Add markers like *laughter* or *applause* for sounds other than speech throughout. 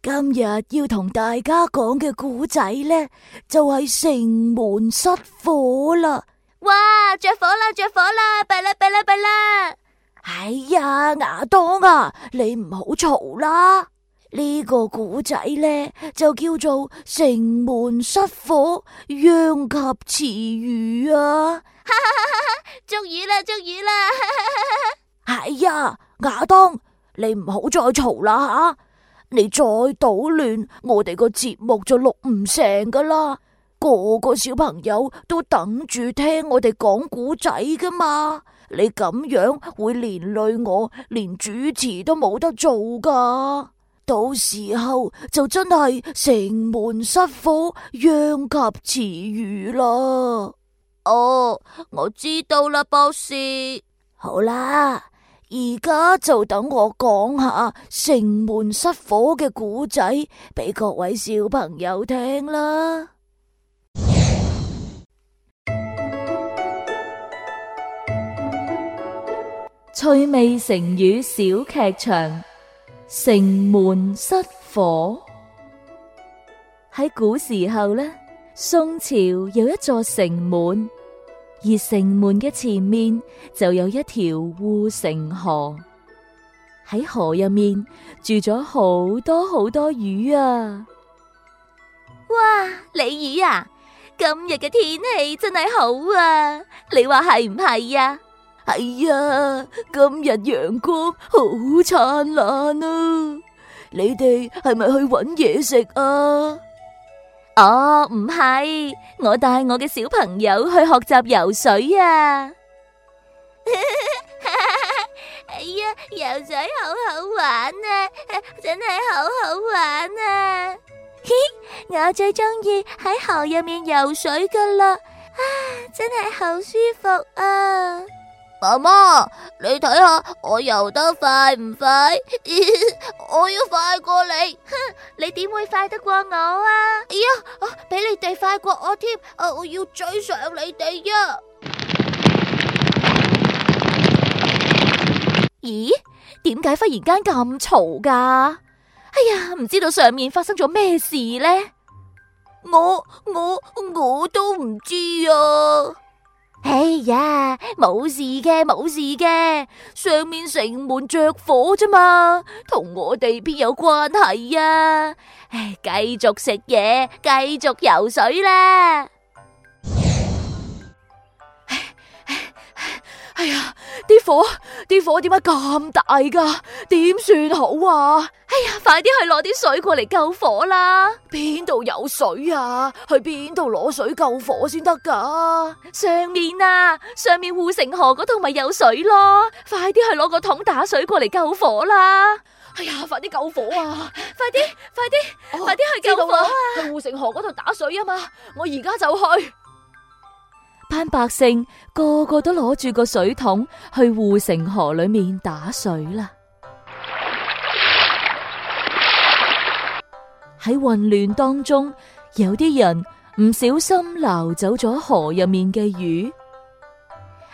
今日要同大家講嘅古仔咧，就係、是、城門失火啦！哇，着火啦，着火啦，弊啦，弊啦，弊啦！哎呀，亞當啊，你唔好嘈啦！這個、呢個古仔咧就叫做城門失火殃及池魚啊！哈哈哈哈哈，捉魚啦，捉魚啦！哈哈哈哈哈，係呀，亞當，你唔好再嘈啦吓！你再搗亂，我哋個節目就錄唔成噶啦！個個小朋友都等住聽我哋講故仔噶嘛，你咁樣會連累我，連主持都冇得做噶。到時候就真係城門失火，殃及池魚啦。哦，我知道啦，博士。好啦。而家就等我講下城門失火嘅故仔俾各位小朋友聽啦。趣味成語小劇場：城門失火。喺古時候呢，宋朝有一座城門。而城門嘅前面就有一條護城河，喺河入面住咗好多好多魚啊！哇，鯉魚啊！今日嘅天氣真係好啊！你話係唔係啊？係啊、哎！今日陽光好燦爛啊！你哋係咪去搵嘢食啊？哦，唔係，我帶我嘅小朋友去學習游水啊！ *laughs* 哎呀，游水好好玩啊，真係好好玩啊！ *laughs* 我最中意喺河入面游水噶啦，啊，真係好舒服啊！媽媽，你睇下我游得快唔快？ *laughs* 我要快過你，哼！你點會快得過我啊？哎呀，啊、俾你哋快過我添，我、啊、我要追上你哋呀、啊！咦？點解忽然間咁嘈噶？哎呀，唔知道上面發生咗咩事呢？我我我都唔知啊！哎呀，冇事嘅，冇事嘅，上面城門着火啫嘛，同我哋邊有關係啊？繼續食嘢，繼續游水啦！哎呀。啲火，啲火點解咁大噶？點算好啊？哎呀，快啲去攞啲水過嚟救火啦！邊度有水啊？去邊度攞水救火先得噶？上面啊，上面護城河嗰度咪有水咯？快啲去攞個桶打水過嚟救火啦！哎呀，快啲救火啊！快啲、哎，快啲、啊哎，快啲、哦、去救火啊！去護城河嗰度打水啊嘛！我而家就去。班百姓個個都攞住個水桶去護城河裏面打水啦！喺混亂當中，有啲人唔小心撈走咗河入面嘅魚。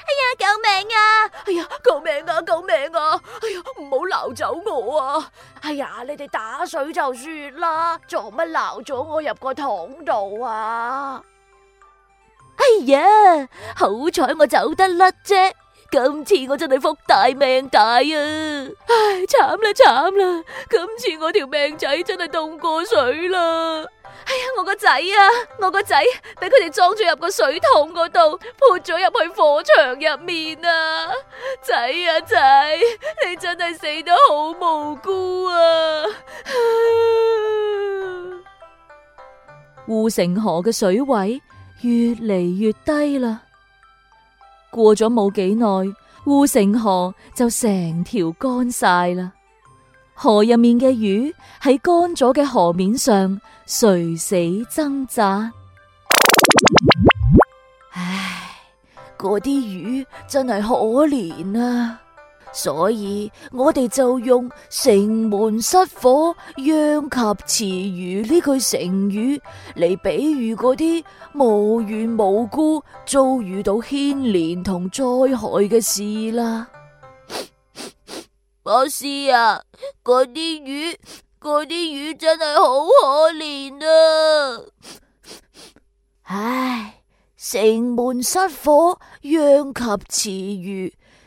哎呀，救命啊！哎呀，救命啊！救命啊！哎呀，唔好撈走我啊！哎呀，你哋打水就算啦，做乜撈咗我入個桶度啊？哎、呀！好彩我走得甩啫，今次我真係福大命大啊！唉，慘啦慘啦，今次我條命仔真係凍過水啦！哎呀，我個仔啊，我個仔俾佢哋裝咗入個水桶嗰度，潑咗入去火場入面啊！仔啊仔，你真係死得好無辜啊！護 *laughs* 城河嘅水位，越嚟越低啦，過咗冇幾耐，烏城河就成條乾晒啦，河入面嘅魚喺乾咗嘅河面上垂死掙扎，唉，嗰啲魚真係可憐啊！所以我哋就用城門失火殃及池魚呢句成語嚟，比喻嗰啲無緣無辜遭遇到牽連同災害嘅事啦。博士啊，嗰啲魚，嗰啲魚真係好可憐啊！唉，城門失火殃及池魚。